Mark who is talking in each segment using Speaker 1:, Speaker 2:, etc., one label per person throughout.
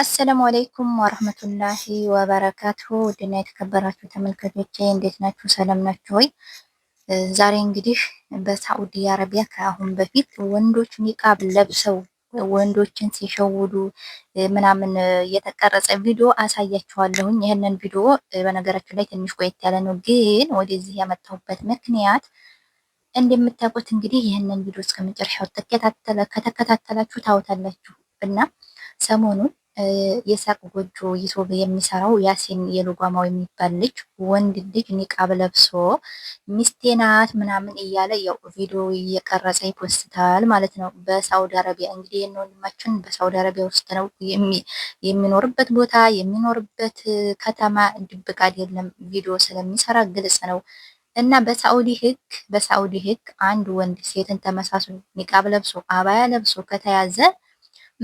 Speaker 1: አሰላሙ አለይኩም ወረህመቱላሂ ወበረካቱሁ። ውድና የተከበራችሁ ተመልካቾቼ እንዴት ናችሁ? ሰላም ናችሁ ወይ? ዛሬ እንግዲህ በሳዑዲ አረቢያ ከአሁን በፊት ወንዶች ኒቃብ ለብሰው ወንዶችን ሲሸውዱ ምናምን የተቀረጸ ቪዲዮ አሳያችኋለሁኝ። ይህንን ቪዲዮ በነገራችን ላይ ትንሽ ቆየት ያለ ነው፣ ግን ወደዚህ ያመጣሁበት ምክንያት እንደምታውቁት እንግዲህ ይህንን ቪዲዮ እስከ መጨረሻው ከተከታተላችሁ ታውታላችሁ እና ሰሞኑን የሳቅ ጎጆ ዩቱብ የሚሰራው ያሲን የሉጓማው የሚባል ልጅ ወንድ ልጅ ኒቃብ ለብሶ ሚስቴ ናት ምናምን እያለ ያው ቪዲዮ እየቀረጸ ይፖስታል ማለት ነው። በሳውዲ አረቢያ እንግዲህ ይህን ወንድማችን በሳውዲ አረቢያ ውስጥ ነው የሚኖርበት ቦታ የሚኖርበት ከተማ ድብቅ አይደለም። ቪዲዮ ስለሚሰራ ግልጽ ነው። እና በሳዑዲ ህግ በሳዑዲ ህግ አንድ ወንድ ሴትን ተመሳስሎ ኒቃብ ለብሶ አባያ ለብሶ ከተያዘ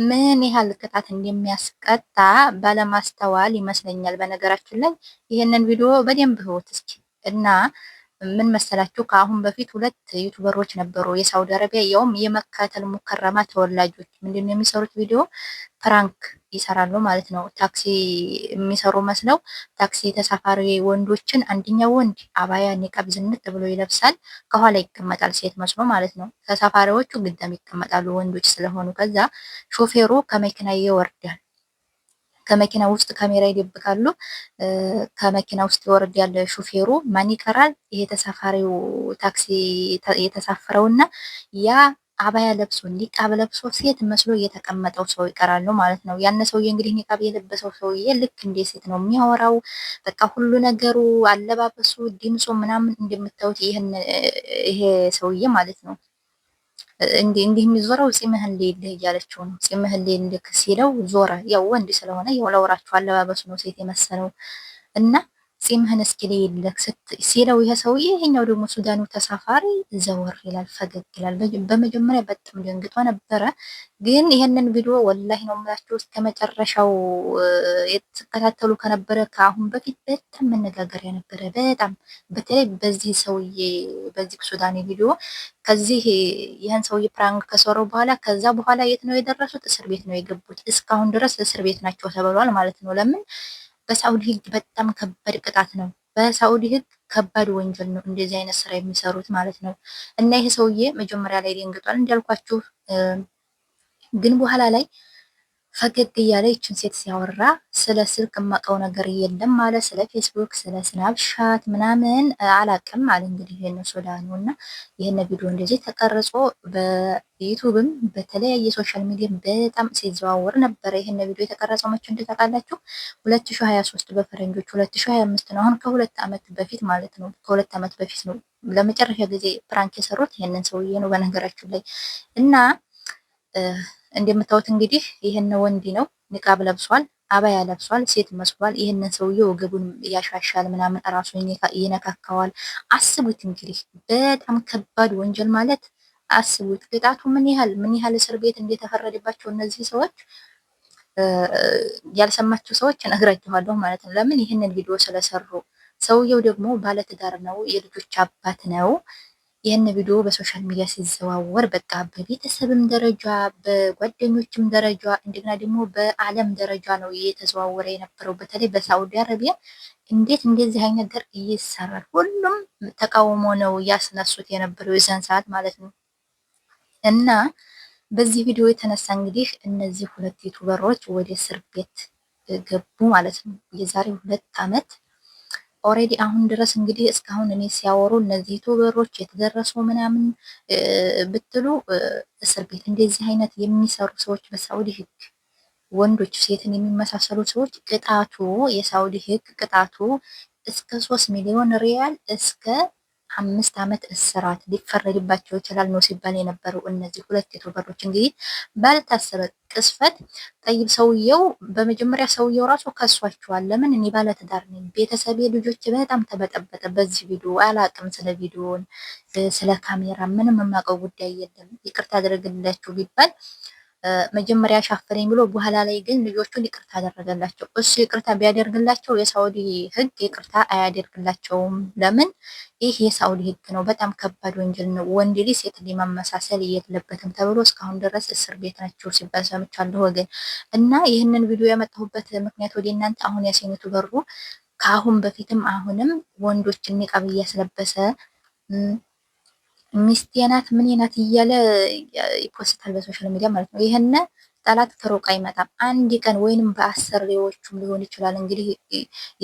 Speaker 1: ምን ያህል ቅጣት እንደሚያስቀጣ ባለማስተዋል ይመስለኛል። በነገራችን ላይ ይህንን ቪዲዮ በደንብ ህይወት እስኪ እና ምን መሰላችሁ? ከአሁን በፊት ሁለት ዩቱበሮች ነበሩ፣ የሳውዲ አረቢያ ያውም የመካተል ሙከረማ ተወላጆች። ምንድነው የሚሰሩት? ቪዲዮ ፕራንክ ይሰራሉ ማለት ነው። ታክሲ የሚሰሩ መስለው ታክሲ ተሳፋሪ ወንዶችን፣ አንደኛው ወንድ አባያ ኒቃብ ዝንጥ ብሎ ይለብሳል፣ ከኋላ ይቀመጣል፣ ሴት መስሎ ማለት ነው። ተሳፋሪዎቹ ግደም ይቀመጣሉ፣ ወንዶች ስለሆኑ። ከዛ ሾፌሩ ከመኪና ይወርዳል ከመኪና ውስጥ ካሜራ ይደብቃሉ። ከመኪና ውስጥ ይወርድ ያለ ሹፌሩ ማን ይቀራል? ይሄ ተሳፋሪው ታክሲ የተሳፈረውና ያ አባያ ለብሶ ኒቃብ ለብሶ ሴት መስሎ እየተቀመጠው ሰው ይቀራሉ ማለት ነው። ያን ሰውዬ እንግዲህ ኒቃብ የለበሰው ሰውዬ ልክ እንደ ሴት ነው የሚያወራው። በቃ ሁሉ ነገሩ፣ አለባበሱ፣ ድምፁ ምናምን እንደምታዩት ይሄ ሰውዬ ማለት ነው። እንዲህ የሚዞረው ፂምህ እንዲልህ እያለችው ነው። ፂምህ እንዲልህ ሲለው ዞረ። ያው ወንድ ስለሆነ ያው ለውራችሁ አለባበሱ ነው ሴት የመሰለው እና ፂምህን እስኪ ልይልክ ሲለው ይሄ ሰውዬ ይሄኛው ደግሞ ሱዳኑ ተሳፋሪ ዘወር ይላል፣ ፈገግ ይላል። በመጀመሪያ በጣም ደንግጦ ነበረ። ግን ይሄንን ቪዲዮ ወላሂ ነው የምላችሁ እስከ መጨረሻው የተከታተሉ ከነበረ ከአሁን በፊት በጣም መነጋገሪያ ነበረ። በጣም በተለይ በዚህ ሰውዬ በዚህ ሱዳኔ ቪዲዮ ከዚህ ይህን ሰውዬ ፕራንክ ከሰሩ በኋላ ከዛ በኋላ የት ነው የደረሱት? እስር ቤት ነው የገቡት። እስካሁን ድረስ እስር ቤት ናቸው ተብሏል ማለት ነው ለምን በሳዑዲ ህግ በጣም ከባድ ቅጣት ነው። በሳዑዲ ህግ ከባድ ወንጀል ነው እንደዚህ አይነት ስራ የሚሰሩት ማለት ነው። እና ይህ ሰውዬ መጀመሪያ ላይ ደንግጧል እንዳልኳችሁ ግን በኋላ ላይ ፈገግ እያለ ይችን ሴት ሲያወራ ስለ ስልክ የማውቀው ነገር የለም አለ። ስለ ፌስቡክ፣ ስለ ስናፕሻት ምናምን አላቅም አለ። እንግዲህ ይህን ሱዳኑ እና ይህን ቪዲዮ እንደዚህ ተቀርጾ በዩቱብም በተለያየ ሶሻል ሚዲያም በጣም ሲዘዋወር ነበረ። ይህን ቪዲዮ የተቀረጸው መቼ እንደታውቃላችሁ? ሁለት ሺ ሀያ ሶስት በፈረንጆች ሁለት ሺ ሀያ አምስት ነው። አሁን ከሁለት ዓመት በፊት ማለት ነው። ከሁለት ዓመት በፊት ነው ለመጨረሻ ጊዜ ፕራንክ የሰሩት ይህንን ሰውዬ ነው በነገራችሁ ላይ እና እንደምታዩት እንግዲህ ይህን ወንድ ነው ንቃብ ለብሷል፣ አባያ ለብሷል፣ ሴት መስሏል። ይህንን ሰውዬ ወገቡን ያሻሻል ምናምን እራሱ ይነካካዋል። አስቡት እንግዲህ በጣም ከባድ ወንጀል ማለት አስቡት ቅጣቱ ምን ያህል ምን ያህል እስር ቤት እንደተፈረደባቸው እነዚህ ሰዎች ያልሰማችሁ ሰዎች እነግራችኋለሁ ማለት ነው። ለምን ይህንን ቪዲዮ ስለሰሩ። ሰውየው ደግሞ ባለትዳር ነው፣ የልጆች አባት ነው። ይህን ቪዲዮ በሶሻል ሚዲያ ሲዘዋወር በቃ በቤተሰብም ደረጃ በጓደኞችም ደረጃ እንደገና ደግሞ በዓለም ደረጃ ነው እየተዘዋወረ የነበረው። በተለይ በሳውዲ አረቢያ እንዴት እንደዚህ አይነት ነገር ይሰራል? ሁሉም ተቃውሞ ነው እያስነሱት የነበረው የዛን ሰዓት ማለት ነው እና በዚህ ቪዲዮ የተነሳ እንግዲህ እነዚህ ሁለት ዩቱበሮች ወደ እስር ቤት ገቡ ማለት ነው። የዛሬ ሁለት ዓመት ኦሬዲ አሁን ድረስ እንግዲህ እስካሁን እኔ ሲያወሩ እነዚህ ቱበሮች የተደረሱ ምናምን ብትሉ እስር ቤት እንደዚህ አይነት የሚሰሩ ሰዎች በሳውዲ ህግ ወንዶች ሴትን የሚመሳሰሉ ሰዎች ቅጣቱ የሳውዲ ህግ ቅጣቱ እስከ ሶስት ሚሊዮን ሪያል እስከ አምስት ዓመት እስራት ሊፈረድባቸው ይችላል ነው ሲባል የነበረው። እነዚህ ሁለት ዩቱበሮች እንግዲህ ባልታሰበ ቅስፈት ጠይብ ሰውየው በመጀመሪያ ሰውየው ራሱ ከሷቸዋል። ለምን እኔ ባለትዳር ነኝ፣ ቤተሰቤ ልጆች በጣም ተበጠበጠ በዚህ ቪዲዮ አላቅም። ስለ ቪዲዮን ስለ ካሜራ ምንም የማውቀው ጉዳይ የለም፣ ይቅርታ አድርግላችሁ ቢባል መጀመሪያ ሻፈረኝ ብሎ በኋላ ላይ ግን ልጆቹን ይቅርታ አደረገላቸው። እሱ ይቅርታ ቢያደርግላቸው የሳውዲ ሕግ ይቅርታ አያደርግላቸውም። ለምን? ይህ የሳውዲ ሕግ ነው። በጣም ከባድ ወንጀል ነው። ወንድ ልጅ ሴት መመሳሰል የለበትም ተብሎ እስካሁን ድረስ እስር ቤት ናቸው ሲባል ሰምቻለሁ ወገን። እና ይህንን ቪዲዮ ያመጣሁበት ምክንያት ወደ እናንተ አሁን ያሴኝቱ በሩ ከአሁን በፊትም አሁንም ወንዶችን ኒቃብ እያስለበሰ ሚስቴ ናት ምን ናት እያለ ይፖስታል በሶሻል ሚዲያ ማለት ነው። ይህን ጠላት ከሩቅ አይመጣም። አንድ ቀን ወይንም በአሰሪዎቹም ሊሆን ይችላል። እንግዲህ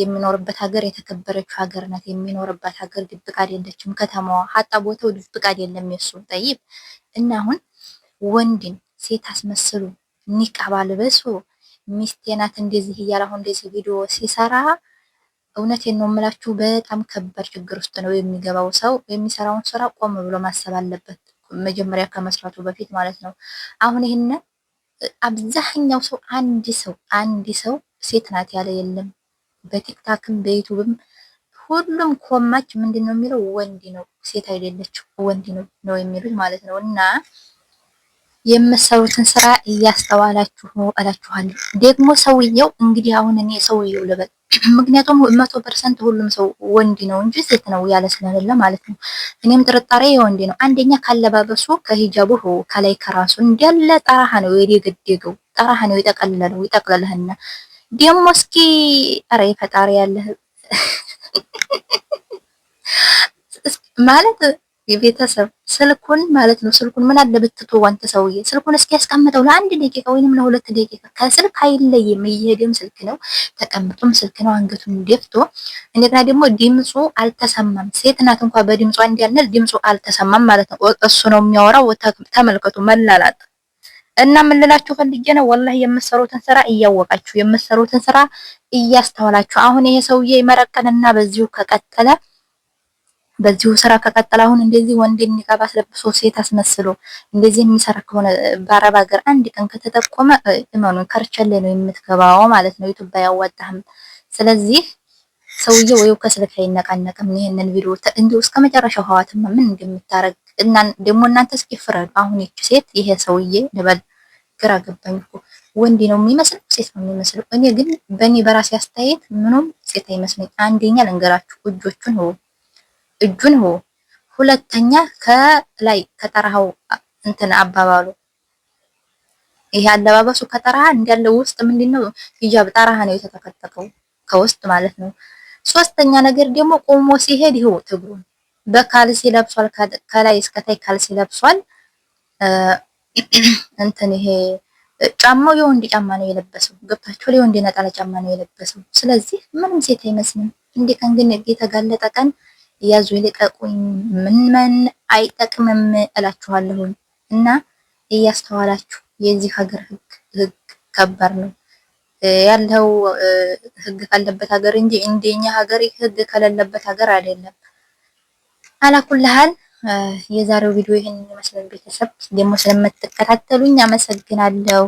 Speaker 1: የሚኖርበት ሀገር የተከበረችው ሀገር ናት። የሚኖርበት ሀገር ድብቅ አይደለችም። ከተማዋ ሀጣ ቦታው ድብቅ አይደለም። የሱ ጠይብ እና አሁን ወንድን ሴት አስመስሉ ኒቃ ባልበሱ ሚስቴ ናት እንደዚህ እያለ አሁን እንደዚህ ቪዲዮ ሲሰራ እውነት ነው የምላችሁ፣ በጣም ከባድ ችግር ውስጥ ነው የሚገባው ሰው። የሚሰራውን ስራ ቆም ብሎ ማሰብ አለበት፣ መጀመሪያ ከመስራቱ በፊት ማለት ነው። አሁን ይህን አብዛኛው ሰው አንድ ሰው አንድ ሰው ሴት ናት ያለ የለም። በቲክታክም በዩቱብም ሁሉም ኮማች ምንድን ነው የሚለው ወንድ ነው፣ ሴት አይደለች ወንድ ነው ነው የሚሉት ማለት ነው። እና የምሰሩትን ስራ እያስተዋላችሁ ነው እላችኋለሁ። ደግሞ ሰውየው እንግዲህ አሁን እኔ ሰውየው ልበል ምክንያቱም መቶ ፐርሰንት ሁሉም ሰው ወንድ ነው እንጂ ሴት ነው ያለ ስለሌለ ማለት ነው። እኔም ጥርጣሬ የወንድ ነው። አንደኛ ካለባበሱ ከሂጃቡ ከላይ ከራሱ እንዲያለ ጠራሃ ነው የደገደገው፣ ጠራሃ ነው የጠቀለለው። ይጠቅለልህና ደግሞ እስኪ ኧረ ፈጣሪ ያለህ ማለት የቤተሰብ ስልኩን ማለት ነው። ስልኩን ምን አለ ብትተው አንተ ሰውዬ ስልኩን እስኪ ያስቀምጠው ለአንድ ደቂቃ ወይንም ለሁለት ደቂቃ። ከስልክ አይለይም፣ እየሄደም ስልክ ነው፣ ተቀምጦም ስልክ ነው። አንገቱን ደፍቶ እንደገና ደግሞ ድምፁ አልተሰማም። ሴት ናት እንኳ በድምፁ አንድ ያልነል ድምፁ አልተሰማም ማለት ነው። እሱ ነው የሚያወራው። ተመልከቱ፣ መላላጥ እና ምን ልላችሁ ፈልጌ ነው ወላሂ የምትሰሩትን ስራ እያወቃችሁ የምትሰሩትን ስራ እያስተዋላችሁ። አሁን ይሄ ሰውዬ ይመረቀንና በዚሁ ከቀጠለ በዚሁ ስራ ከቀጠለ አሁን እንደዚህ ወንድ ኒቃብ አስለብሶ ሴት አስመስሎ እንደዚህ የሚሰራ ከሆነ በአረብ ሀገር አንድ ቀን ከተጠቆመ እመኑ ከርቸሌ ነው የምትገባው ማለት ነው። ዩቱብ አያዋጣህም። ስለዚህ ሰውዬው ወይው ከስልክ ላይ ይነቃነቅም። ይህንን ቪዲዮ እንዲሁ እስከ መጨረሻው ህዋትማ ምን እንደምታረግ እና ደግሞ እናንተ እስኪ ፍረዱ። አሁን ይቺ ሴት ይሄ ሰውዬ ንበል ግራ ገባኝ እኮ ወንድ ነው የሚመስለው ሴት ነው የሚመስለው። እኔ ግን በእኔ በራሴ አስተያየት ምኑም ሴት አይመስለኝ። አንደኛ ልንገራችሁ እጆቹን ነው እጁን ሆ ሁለተኛ ከላይ ከጠራኸው እንትን አባባሉ ይሄ አለባበሱ ከጠራሃ እንዳለ ውስጥ ምንድነው ሂጃብ ጠራሃ ነው የተተከተከው ከውስጥ ማለት ነው። ሶስተኛ ነገር ደግሞ ቆሞ ሲሄድ ይሄው ትግሩን በካልሲ ለብሷል። ከላይ እስከታይ ካልሲ ለብሷል። እንትን ይሄ ጫማው የወንድ ጫማ ነው የለበሰው። ገብታችሁ የወንድ ነጠላ ጫማ ነው የለበሰው። ስለዚህ ምንም ሴት አይመስልም። እንዴ ቀን የተጋለጠ ቀን ያዙ ይልቀቁኝ፣ ምን ምን አይጠቅምም እላችኋለሁኝ። እና እያስተዋላችሁ የዚህ ሀገር ህግ ህግ ከባድ ነው ያለው ህግ ካለበት ሀገር እንጂ እንደኛ ሀገር ህግ ከሌለበት ሀገር አይደለም። አላኩልሃል የዛሬው ቪዲዮ ይህን ይመስላል። ቤተሰብ ደግሞ ስለምትከታተሉኝ አመሰግናለሁ።